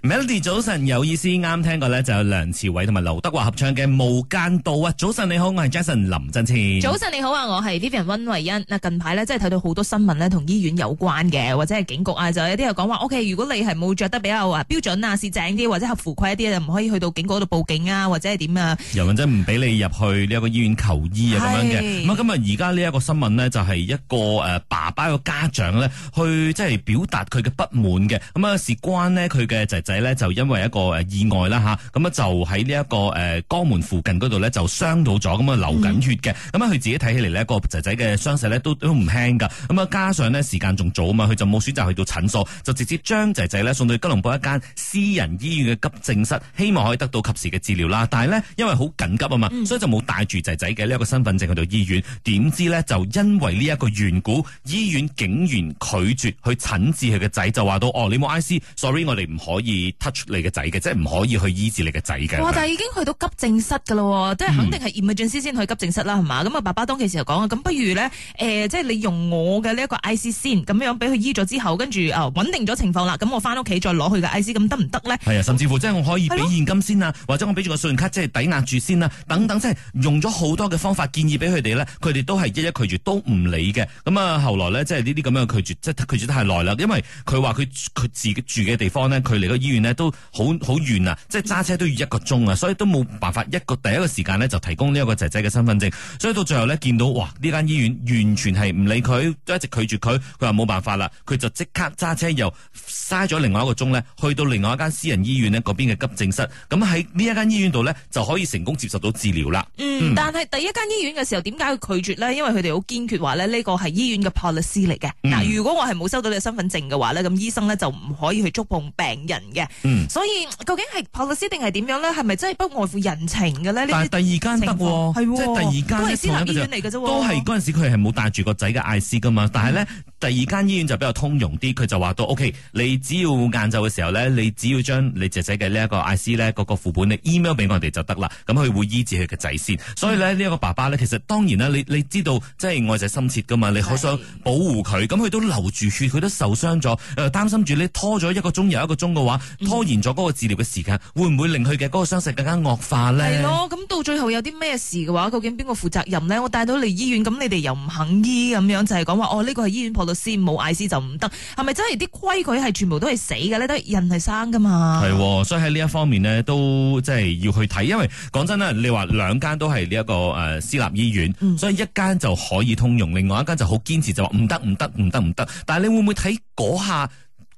Melody 早晨有意思，啱聽過咧就有梁朝偉同埋劉德華合唱嘅《無間道》啊！早晨你好，我係 Jason 林振千。早晨你好啊，我係 Vivian 溫慧欣。啊，近排咧真係睇到好多新聞咧同醫院有關嘅，或者係警局啊，就有啲人講話，OK，如果你係冇着得比較話標準啊，是正啲或者合規一啲，就唔可以去到警局度報警啊，或者係點啊？又或者唔俾你入去呢一個醫院求醫啊咁是樣嘅。咁啊，今日而家呢一個新聞呢，就係一個誒爸爸嘅家長咧去即係表達佢嘅不滿嘅。咁啊，事關呢，佢嘅就係。仔呢就因為一個誒意外啦嚇，咁啊就喺呢一個誒江門附近嗰度呢，就傷到咗，咁啊流緊血嘅。咁啊佢自己睇起嚟呢個仔仔嘅傷勢呢，都都唔輕噶。咁啊加上呢時間仲早啊嘛，佢就冇選擇去到診所，就直接將仔仔呢送到吉隆坡一間私人醫院嘅急症室，希望可以得到及時嘅治療啦。但係呢，因為好緊急啊嘛，所以就冇帶住仔仔嘅呢一個身份證去到醫院。點知呢，就因為呢一個緣故，醫院竟然拒絕去診治佢嘅仔，就話到哦你冇 IC，sorry 我哋唔可以。touch 你嘅仔嘅，即係唔可以去醫治你嘅仔嘅。哇！是但已經去到急症室噶咯，即係肯定係嚴重先去急症室啦，係嘛、嗯？咁啊，爸爸當其時就講啊，咁不如咧，誒、呃，即係你用我嘅呢一個 IC 先，咁樣俾佢醫咗之後，跟住啊穩定咗情況啦，咁我翻屋企再攞佢個 IC，咁得唔得呢？係啊，甚至乎即係我可以俾現金先啊，的或者我俾住個信用卡即係抵押住先啦、啊，等等，即係用咗好多嘅方法建議俾佢哋呢，佢哋都係一一拒絕，都唔理嘅。咁啊，後來咧即係呢啲咁樣拒絕，即係拒絕得太耐啦，因為佢話佢佢自己住嘅地方咧，佢離醫院咧都好好遠啊，即係揸車都要一個鐘啊，所以都冇辦法。一個第一個時間呢，就提供呢一個仔仔嘅身份證，所以到最後呢，見到哇，呢間醫院完全係唔理佢，都一直拒絕佢。佢話冇辦法啦，佢就即刻揸車又嘥咗另外一個鐘呢，去到另外一間私人醫院呢嗰邊嘅急症室。咁喺呢一間醫院度呢，就可以成功接受到治療啦。嗯，嗯但係第一間醫院嘅時候，點解佢拒絕呢？因為佢哋好堅決話呢，呢個係醫院嘅 policy 嚟嘅。嗱、嗯，如果我係冇收到你嘅身份證嘅話呢，咁醫生呢，就唔可以去觸碰病人嘅嗯，所以究竟係學律師定係點樣咧？係咪真係不外乎人情嘅咧？第二間得喎，係喎，都係私立醫院嚟嘅啫。都係嗰陣時佢係冇帶住個仔嘅艾斯噶嘛。嗯、但係咧，第二間醫院就比較通融啲，佢就話到：，O、OK, K，你只要晏晝嘅時候咧，你只要將你姐姐嘅呢一個艾 c 咧，嗰個副本呢 email 俾我哋就得啦。咁佢會醫治佢嘅仔先。所以咧，呢一、嗯、個爸爸咧，其實當然啦，你你知道，即係外仔深切噶嘛，你好想保護佢。咁佢是都流住血，佢都受傷咗，擔心住你拖咗一個鐘又一個鐘嘅話。拖延咗嗰個治療嘅時間，會唔會令佢嘅嗰個傷勢更加惡化咧？係咯，咁到最後有啲咩事嘅話，究竟邊個負責任咧？我帶到嚟醫院，咁你哋又唔肯醫咁樣，就係講話哦，呢、這個係醫院破到先，冇艾師就唔得，係咪真係啲規矩係全部都係死嘅咧？都係人係生噶嘛？係、哦，所以喺呢一方面呢，都即係要去睇，因為講真啦，你話兩間都係呢一個誒、呃、私立醫院，嗯、所以一間就可以通用，另外一間就好堅持，就話唔得唔得唔得唔得。但係你會唔會睇嗰下？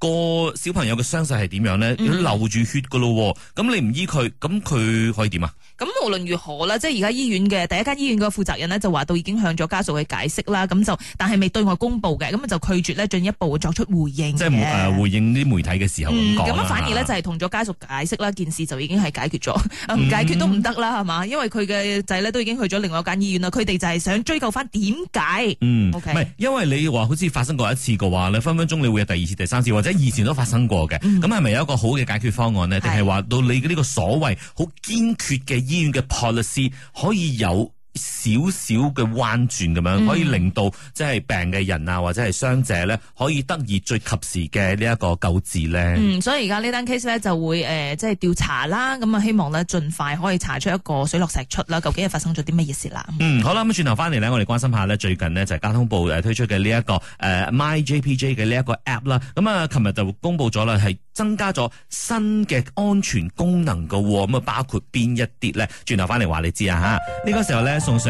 個小朋友嘅傷勢係點樣咧？佢、嗯、流住血噶咯，咁你唔醫佢，咁佢可以點啊？咁無論如何啦，即係而家醫院嘅第一間醫院嘅負責人呢，就話到已經向咗家屬去解釋啦。咁就但係未對外公布嘅，咁就拒絕呢進一步作出回應。即係、呃、回應啲媒體嘅時候咁講。咁反而呢，就係同咗家屬解釋啦，件事就已經係解決咗。唔 解決都唔得啦，係嘛、嗯？因為佢嘅仔呢，都已經去咗另外一間醫院啦。佢哋就係想追究翻點解。嗯唔 Okay. 因為你話好似發生過一次嘅話，分分鐘你會有第二次、第三次或者。以前都發生過嘅，咁係咪有一個好嘅解決方案咧？定係話到你呢個所謂好堅決嘅醫院嘅 policy 可以有？少少嘅彎轉咁樣，可以令到即係病嘅人啊，或者係傷者咧，可以得以最及時嘅呢一個救治咧、嗯。所以而家呢單 case 咧就會誒、呃，即係調查啦。咁啊，希望咧盡快可以查出一個水落石出啦。究竟係發生咗啲乜嘢事啦？嗯，好啦，咁轉頭翻嚟咧，我哋關心下咧，最近呢，就係交通部誒推出嘅呢一個誒、呃、MyJPJ 嘅呢一個 app 啦。咁啊，琴日就公布咗啦，係增加咗新嘅安全功能噶。咁啊，包括邊一啲咧？轉頭翻嚟話你知啊嚇。呢、呢個時候咧送上。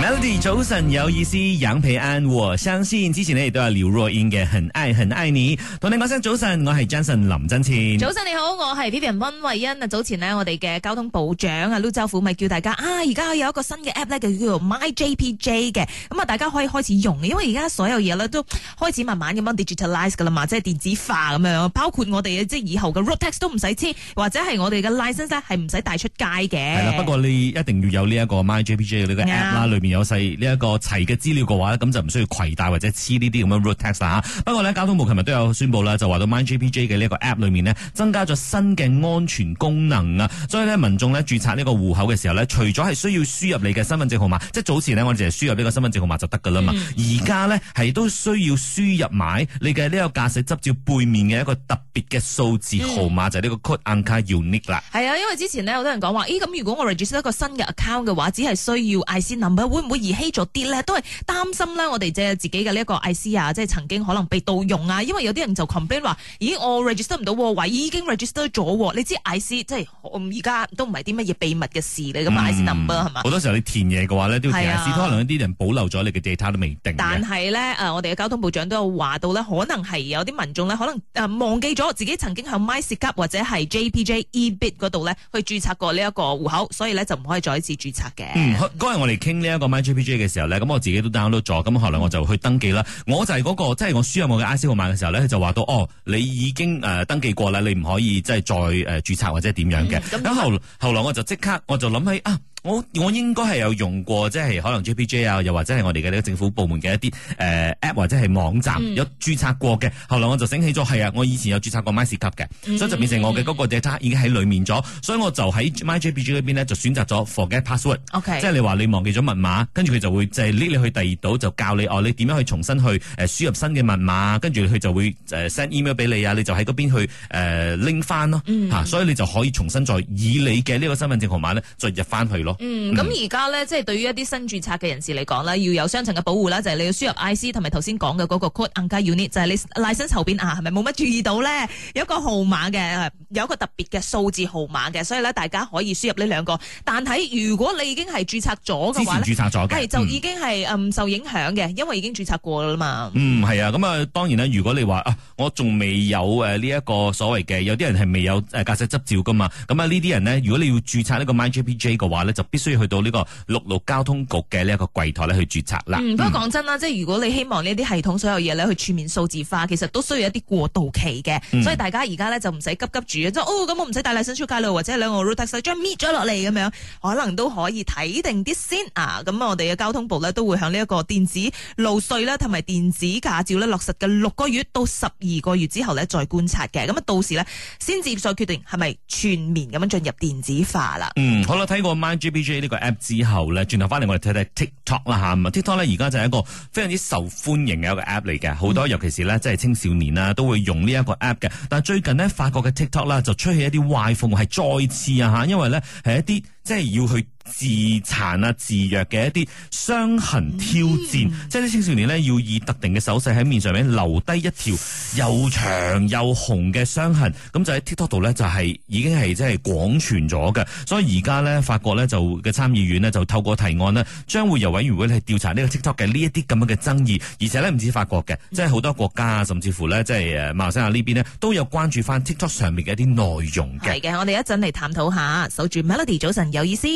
Melody 早晨有意思，養皮安和相先。之前你亦都係劉若英嘅《很愛很愛你》同，同你講聲早晨，我係 Jason 林真前。早晨你好，我係 Vivian 溫慧欣啊。早前呢，我哋嘅交通部長啊，瀘州府咪叫大家啊，而家有一個新嘅 app 咧叫做 MyJPJ 嘅，咁啊大家可以開始用，因為而家所有嘢咧都開始慢慢咁樣 digitalize 噶啦嘛，即係電子化咁樣，包括我哋即係以後嘅 road tax 都唔使簽，或者係我哋嘅 license 係唔使帶出街嘅。係啦，不過你一定要有呢一個 MyJPJ 呢個 app 啦，有細呢一個齊嘅資料嘅話咧，咁就唔需要攜帶或者黐呢啲咁嘅 root text 啦嚇。不過呢，交通部琴日都有宣布啦，就話到 MyJPJ 嘅呢一個 app 裏面呢，增加咗新嘅安全功能啊。所以呢，民眾呢，註冊呢個戶口嘅時候呢，除咗係需要輸入你嘅身份證號碼，即係早前呢，我哋就係輸入呢個身份證號碼就得㗎啦嘛。而家、嗯、呢，係都需要輸入埋你嘅呢個駕駛執照背面嘅一個特別嘅數字號碼，嗯、就係呢個 card unique 啦。係啊，因為之前呢，好多人講話，咦咁如果我 register 一個新嘅 account 嘅話，只係需要 IC number 會唔會遺稀咗啲咧？都係擔心啦，我哋即係自己嘅呢一個 IC 啊，即係曾經可能被盜用啊。因為有啲人就 complain 話，咦，我 register 唔到位，已經 register 咗。你知 IC 即係，而家都唔係啲乜嘢秘密嘅事嚟噶嘛？IC number 係嘛？好多時候你填嘢嘅話呢，都要填 IC、啊、可能有啲人保留咗你嘅其他都未定。但係咧，誒，我哋嘅交通部長都有話到咧，可能係有啲民眾咧，可能忘記咗自己曾經向 MySug 或者係 JPJ ebit 嗰度咧去註冊過呢一個戶口，所以咧就唔可以再一次註冊嘅。嗯、我哋傾呢一個。個買 j p j 嘅時候咧，咁我自己都 download 咗，咁後來我就去登記啦。我就係嗰、那個，即、就、係、是、我輸入我嘅 IC、S、號碼嘅時候咧，佢就話到哦，你已經誒登記過啦，你唔可以即係再誒注冊或者點樣嘅。咁、嗯嗯、後後來我就即刻，我就諗起啊。我我應該係有用過，即係可能 JPG 啊，又或者係我哋嘅呢個政府部門嘅一啲誒 app 或者係網站、嗯、有注冊過嘅。後來我就醒起咗，係啊，我以前有注冊過 My u p 嘅，嗯、所以就變成我嘅個個 data 已經喺裏面咗。所以我就喺 MyJPG 嗰邊咧就選擇咗 forget password，Okay 即係你話你忘記咗密碼，跟住佢就會就係拎你去第二度，就教你哦，你點樣去重新去誒輸入新嘅密碼，跟住佢就會 send email 俾你啊，你就喺嗰邊去誒拎翻咯、嗯啊、所以你就可以重新再以你嘅呢個身份證號碼咧再入翻去咯。嗯，咁而家咧，即係對於一啲新注冊嘅人士嚟講咧，要有雙層嘅保護啦，就係、是、你要輸入 I C 同埋頭先講嘅嗰個 code and key unit，就係你 license 身後邊啊，係咪冇乜注意到咧？有一個號碼嘅，有一個特別嘅數字號碼嘅，所以呢，大家可以輸入呢兩個。但係如果你已經係注冊咗嘅話，之前注冊咗嘅係就已經係唔、嗯、受影響嘅，因為已經注冊過啦嘛。嗯，係啊，咁啊，當然啦，如果你話啊，我仲未有誒呢一個所謂嘅，有啲人係未有誒駕駛執照噶嘛，咁啊呢啲人呢，如果你要注冊呢個 MindJPJ 嘅話必須要去到呢個陸路交通局嘅呢一個櫃枱咧去註冊啦、嗯嗯。唔不過講真啦，即係如果你希望呢啲系統所有嘢咧去全面數字化，其實都需要一啲過渡期嘅，嗯、所以大家而家咧就唔使急急住，即哦咁我唔使帶駱駝出街路或者兩個 root 將搣咗落嚟咁樣，可能都可以睇定啲先啊。咁我哋嘅交通部呢都會喺呢一個電子路稅啦同埋電子駕照咧落實嘅六個月到十二個月之後呢再觀察嘅。咁啊到時呢，先至再決定係咪全面咁樣進入電子化啦。嗯，好啦，睇我 B J 呢個 app 之後咧，轉頭翻嚟我哋睇睇 TikTok 啦吓，TikTok 咧而家就係一個非常之受歡迎嘅一個 app 嚟嘅，好多、嗯、尤其是咧即係青少年啦都會用呢一個 app 嘅。但係最近呢，法國嘅 TikTok 啦就出現一啲壞風，係再次啊吓，因為咧係一啲即係要去。自殘啊、自虐嘅一啲傷痕挑戰，嗯、即係啲青少年呢，要以特定嘅手勢喺面上面留低一條又長又紅嘅傷痕，咁就喺 TikTok 度呢，就係已經係即係廣傳咗嘅。所以而家呢，法國呢，就嘅參議院呢，就透過提案呢，將會由委員會去調查呢個 TikTok 嘅呢一啲咁樣嘅爭議，而且呢，唔止法國嘅，即係好多國家啊，甚至乎呢，即係誒馬來西亞呢邊呢，都有關注翻 TikTok 上面嘅一啲內容嘅。係嘅，我哋一陣嚟探討下，守住 Melody 早晨有意思。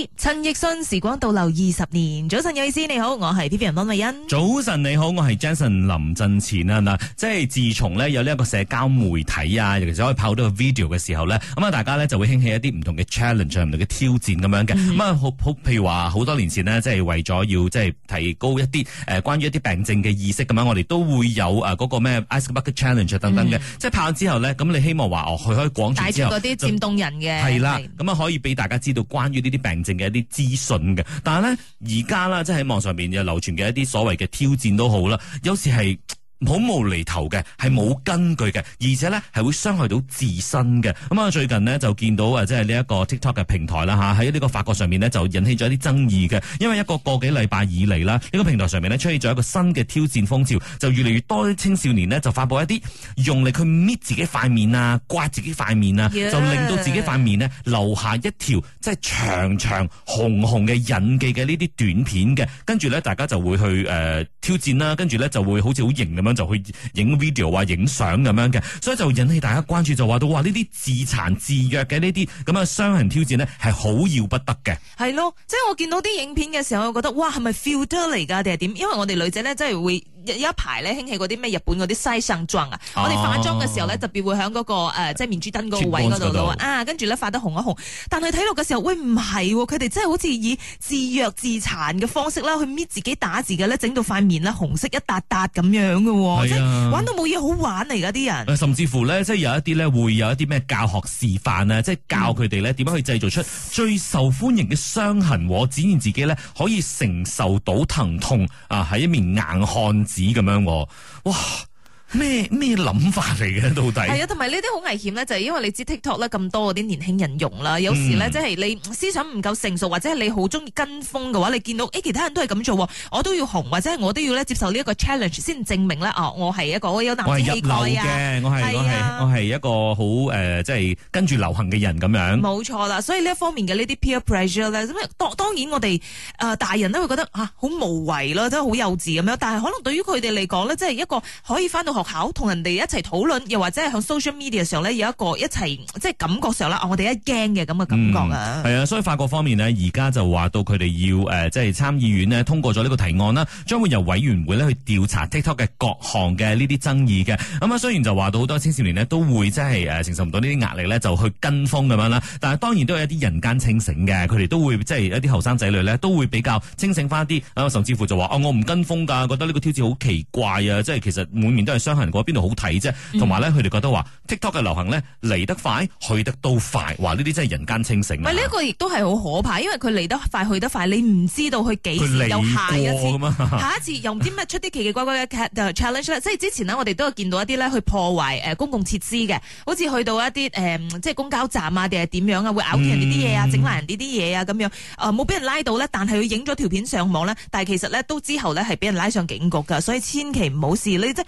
億信時光倒流二十年，早晨有意思你好，我係 P P R 温美欣。早晨你好，我係 Jason 林振前啊嗱，即係自從咧有呢一個社交媒體啊，尤其可以拍好多個 video 嘅時候咧，咁啊大家咧就會興起一啲唔同嘅 challenge，唔同嘅挑戰咁樣嘅。咁啊、嗯，好，好，譬如話好多年前呢，即係為咗要即係提高一啲誒關於一啲病症嘅意識咁樣，我哋都會有誒嗰個咩 ice bucket challenge 等等嘅，嗯、即係拍咗之後呢，咁你希望話哦，佢可以廣傳之後嗰啲漸凍人嘅，係就啦，咁啊是可以俾大家知道關於呢啲病症嘅一啲。資訊嘅，但係咧而家啦，即係喺網上面又流傳嘅一啲所謂嘅挑戰都好啦，有時，係。好無厘頭嘅，係冇根據嘅，而且呢係會傷害到自身嘅。咁、嗯、啊，我最近呢就見到啊，即係呢一個 TikTok 嘅平台啦，吓，喺呢個法國上面呢，就引起咗一啲爭議嘅。因為一個一個幾禮拜以嚟啦，呢、呢個平台上面呢，出現咗一個新嘅挑戰風潮，就越嚟越多啲青少年呢，就發布一啲用嚟去搣自己塊面啊、刮自己塊面啊，Yeah. 就令到自己塊面呢，留下一條即係長長紅紅嘅印記嘅呢啲短片嘅。跟住呢，大家就會去誒、呃、挑戰啦，跟住呢就會好似好型咁就去影 video 啊，影相咁樣嘅，所以就引起大家關注，就話到哇呢啲自殘自虐嘅呢啲咁嘅傷人挑戰咧係好要不得嘅。係咯，即係我見到啲影片嘅時候，我覺得哇係咪 filter 嚟噶？定係點？因為我哋女仔咧真係會。有一排咧興起嗰啲咩日本嗰啲西上妝啊，我哋化妝嘅時候咧，特別會喺嗰、那個、呃、即係面珠燈嗰個位嗰度咯啊，跟住咧化得紅一紅，但係睇落嘅時候，喂，唔係佢哋真係好似以自虐自殘嘅方式啦，去搣自己打自己咧，整到塊面咧紅色一笪笪咁樣嘅喎，啊、即係玩到冇嘢好玩嚟㗎，啲人甚至乎咧，即係有一啲咧會有一啲咩教學示範啊，即係教佢哋咧點樣去製造出最受歡迎嘅傷痕，喎，展現自己咧可以承受到疼痛啊，喺、呃、一面硬漢。紙咁樣，哇！咩咩諗法嚟嘅？到底係啊，同埋呢啲好危險咧，就係、是、因為你知 TikTok 咧咁多嗰啲年輕人用啦，有時咧、嗯、即係你思想唔夠成熟，或者你好中意跟風嘅話，你見到誒、欸、其他人都係咁做，我都要紅，或者我都要接受呢一個 challenge 先證明咧啊，我係一個我有男子氣概、啊、我係我係是、啊、我係一個好誒，即、呃、係、就是、跟住流行嘅人咁樣。冇錯啦，所以呢一方面嘅呢啲 peer pressure 咧，當當然我哋誒大人都會覺得啊，好無謂咯，都好幼稚咁樣。但係可能對於佢哋嚟講咧，即係一個可以翻到。學校同人哋一齊討論，又或者係喺 social media 上咧有一個一齊即係感覺上啦，我哋一驚嘅咁嘅感覺啊。係啊、嗯，所以法國方面呢，而家就話到佢哋要誒即係參議院呢通過咗呢個提案啦，將會由委員會呢去調查 TikTok 嘅各項嘅呢啲爭議嘅。咁、嗯、啊，雖然就話到好多青少年呢都會即係誒承受唔到呢啲壓力呢，就去跟風咁樣啦。但係當然都有一啲人間清醒嘅，佢哋都會即係、就是、一啲後生仔女呢都會比較清醒翻啲。甚至乎就話、哦、我唔跟風噶，覺得呢個挑戰好奇怪啊，即係其實每年都係。嗯、流行過邊度好睇啫？同埋咧，佢哋覺得話 TikTok 嘅流行咧嚟得快，去得都快。話呢啲真係人間清醒，啊。唔係呢一個亦都係好可怕，因為佢嚟得快，去得快，你唔知道佢幾時他有下一次，下一次又唔知咩出啲奇奇怪怪嘅 challenge 即係 之前咧，我哋都有見到一啲咧去破壞誒公共設施嘅，好似去到一啲誒即係公交站啊，定係點樣啊，會咬啲人哋啲嘢啊，整爛、嗯、人哋啲嘢啊咁樣。冇、呃、俾人拉到咧，但係佢影咗條片上網咧，但係其實咧都之後咧係俾人拉上警局噶，所以千祈唔好試你即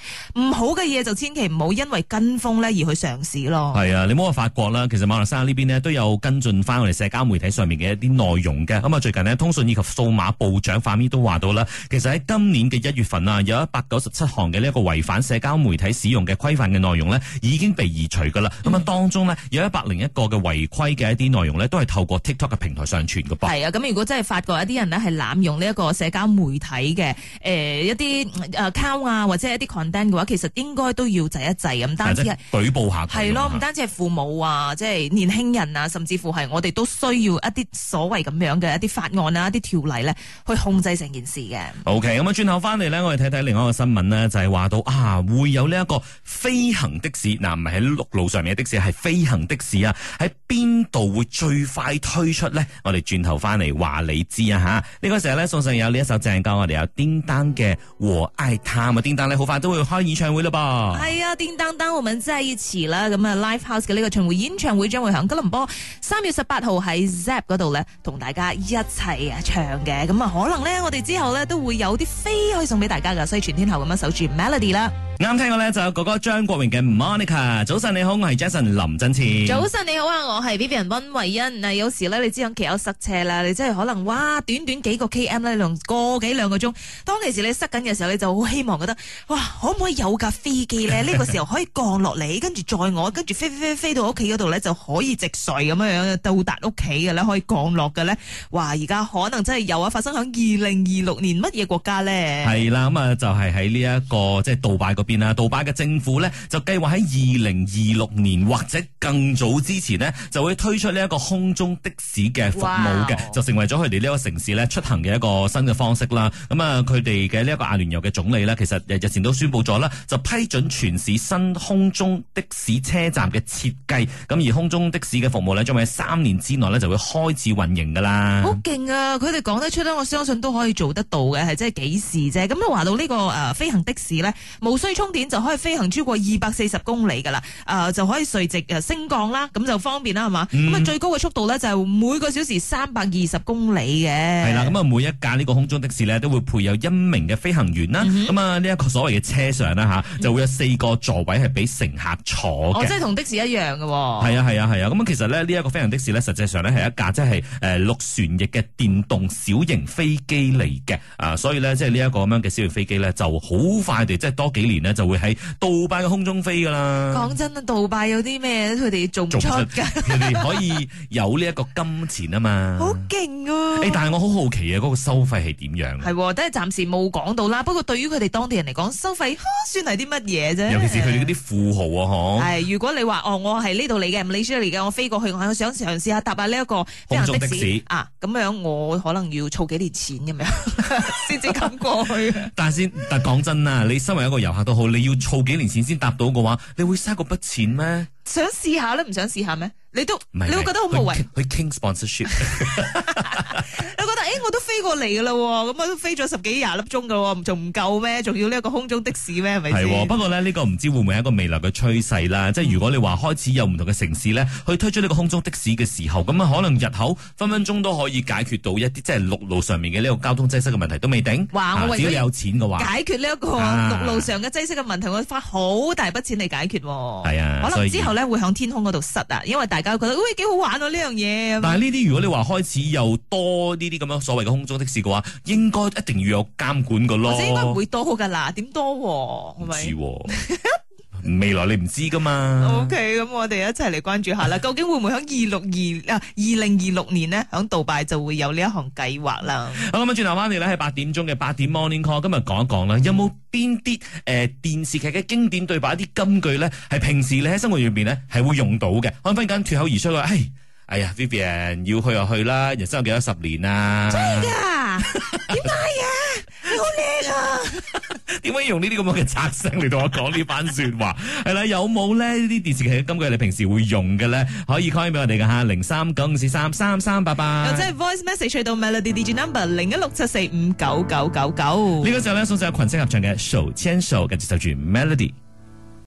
唔好嘅嘢就千祈唔好，因為跟風咧而去嘗試咯。係啊，你冇發覺啦，其實馬來西亞呢邊咧都有跟進翻我哋社交媒體上面嘅一啲內容嘅。咁啊，最近咧通訊以及數碼部長法咪都話到啦，其實喺今年嘅一月份啊，有一百九十七項嘅呢一個違反社交媒體使用嘅規範嘅內容咧，已經被移除噶啦。咁啊、嗯，當中咧有101一百零一個嘅違規嘅一啲內容咧，都係透過 TikTok 嘅平台上傳嘅噃。係啊，咁如果真係發覺一啲人咧係濫用呢一個社交媒體嘅誒、呃、一啲誒 account 啊或者一啲 content 嘅話，其實應該都要制一制咁，單止係舉報下，係咯，唔單止係父母啊，啊即係年輕人啊，甚至乎係我哋都需要一啲所謂咁樣嘅一啲法案啊、一啲條例咧，去控制成件事嘅。OK，咁啊轉頭翻嚟咧，我哋睇睇另外一個新聞呢，就係、是、話到啊，會有呢一個飛行的士，嗱唔係喺陸路上面嘅的士，係飛行的士啊，喺邊度會最快推出呢？我哋轉頭翻嚟話你知啊吓。呢、這個時候咧送上有呢一首正歌，我哋有叮當嘅《和愛探》，叮當咧好快都會開演唱。會啦吧，係啊，叮燈燈我們真係要遲啦。咁啊，live house 嘅呢個巡迴演唱會將會響吉隆坡三月十八號喺 Zap 嗰度咧，同大家一齊唱嘅。咁啊，可能咧我哋之後咧都會有啲飛可以送俾大家噶，所以全天候咁樣守住 Melody 啦。啱聽嘅咧就有哥哥張國榮嘅 Monica，早晨你好，我係 Jason 林振前。早晨你好啊，我係 B B 人溫慧欣。嗱，有時咧你知響其車塞車啦，你真係可能哇短短幾個 K M 咧，用個幾兩個鐘。當其時你塞緊嘅時候，你就好希望覺得哇可唔可以有架飛機咧？呢、這個時候可以降落嚟， 跟住載我，跟住飛飛飛，飛到屋企嗰度咧就可以直隧咁樣樣到達屋企嘅咧，可以降落嘅咧。哇而家可能真係有啊！發生響二零二六年乜嘢國家咧？係啦，咁啊就係喺呢一個即係、就是、杜拜個。杜拜嘅政府呢，就計劃喺二零二六年或者更早之前呢，就會推出呢一個空中的士嘅服務嘅，Wow. 就成為咗佢哋呢一個城市呢出行嘅一個新嘅方式啦。咁啊，佢哋嘅呢一個阿聯酋嘅總理呢，其實日前都宣佈咗啦，就批准全市新空中的士車站嘅設計。咁而空中的士嘅服務呢，將會喺三年之內呢就會開始運營噶啦。好勁啊！佢哋講得出呢，我相信都可以做得到嘅，係真係幾時啫？咁啊、這個，話到呢個誒飛行的士呢，冇需。充電就可以飛行超過二百四十公里噶啦，誒、呃，就可以垂直誒升降啦，咁就方便啦，係嘛？咁啊、嗯，最高嘅速度咧就係每個小時三百二十公里嘅。係啦，咁啊，每一架呢個空中的士咧都會配有一名嘅飛行員啦。咁啊、嗯哼，呢一個所謂嘅車上啦吓，就會有四個座位係俾乘客坐嘅，哦。即係同的士一樣嘅，哦。係啊，係啊，係啊。咁啊，其實咧呢一個飛行的士咧，實際上咧係一架即係誒六旋翼嘅電動小型飛機嚟嘅。啊，所以咧即係呢一個咁樣嘅小型飛機咧，就好快地即係多幾年。就會喺杜拜嘅空中飛噶啦。講真啊，杜拜有啲咩？佢哋做唔出㗎。佢 哋可以有呢一個金錢啊嘛。好勁啊！欸、但係我好好奇啊，嗰、嗰個收費係點樣？係、哦，都係暫時冇講到啦。不過對於佢哋當地人嚟講，收費算係啲乜嘢啫？尤其是佢哋嗰啲富豪啊，嗬。如果你話哦，我係呢度嚟嘅，唔係呢度嚟嘅，我飛過去，我想嘗試下搭下呢一個空中的士，的士啊。咁樣我可能要儲幾年錢咁 樣先至敢過去。 但係先，但講真啊，你身為一個遊客。你要儲幾年錢先答到嘅話，你會嘥嗰筆錢咩？想試下咧，唔想試下咩？你都唔係，你會覺得好無謂？去傾 sponsorship。 誒，我都飛過嚟噶喎，咁我都飛咗十幾廿粒鐘噶，仲唔夠咩？仲要呢一個空中的士咩？係咪、啊、不過呢，呢、呢個唔知會唔會係一個未來嘅趨勢啦。嗯、即係如果你話開始有唔同嘅城市呢，去推出呢個空中的士嘅時候，咁啊可能日後分分鐘都可以解決到一啲即係陸路上面嘅呢個交通擠塞嘅問題都未定。話我只要有錢嘅話，解決呢一個陸路上嘅擠塞嘅問題，啊、我花好大筆錢嚟解決。係啊，可能之後呢，會響天空嗰度塞啊，因為大家都覺得幾、哎、好玩呢樣嘢。但係呢啲如果你話開始又多呢啲咁樣。所謂嘅空中的士嘅話，應該一定要有監管嘅咯。或者應該唔會多噶啦，點多，多？唔知未來你唔知噶嘛。O K，咁我哋一齊嚟關注一下啦。 究竟會唔會喺二六二啊二零二六年呢？喺杜拜就會有呢一項計劃啦。好，咁啊轉頭翻嚟咧，喺八點鐘嘅八點 Morning Call，今日講一講啦，嗯、有冇邊啲誒電視劇嘅經典對白一啲金句咧，係平時你喺生活入邊咧係會用到嘅？可芬緊脫口而出口、哎哎呀，Vivian 要去就去啦，人生有幾多十年啊？真係噶？點解 啊？你好叻啊！點可以用呢啲咁嘅拆聲嚟，同我講呢番說話？係啦， 有冇呢啲電視劇？根據你平時會用嘅咧，可以開畀俾我哋㗎。吓零三九五四三三三八八，或者 voice message 去到 Melody D J number 零一六七四五九九九九。呢個時候咧，送上群星合唱嘅手牽手，跟住就住 Melody。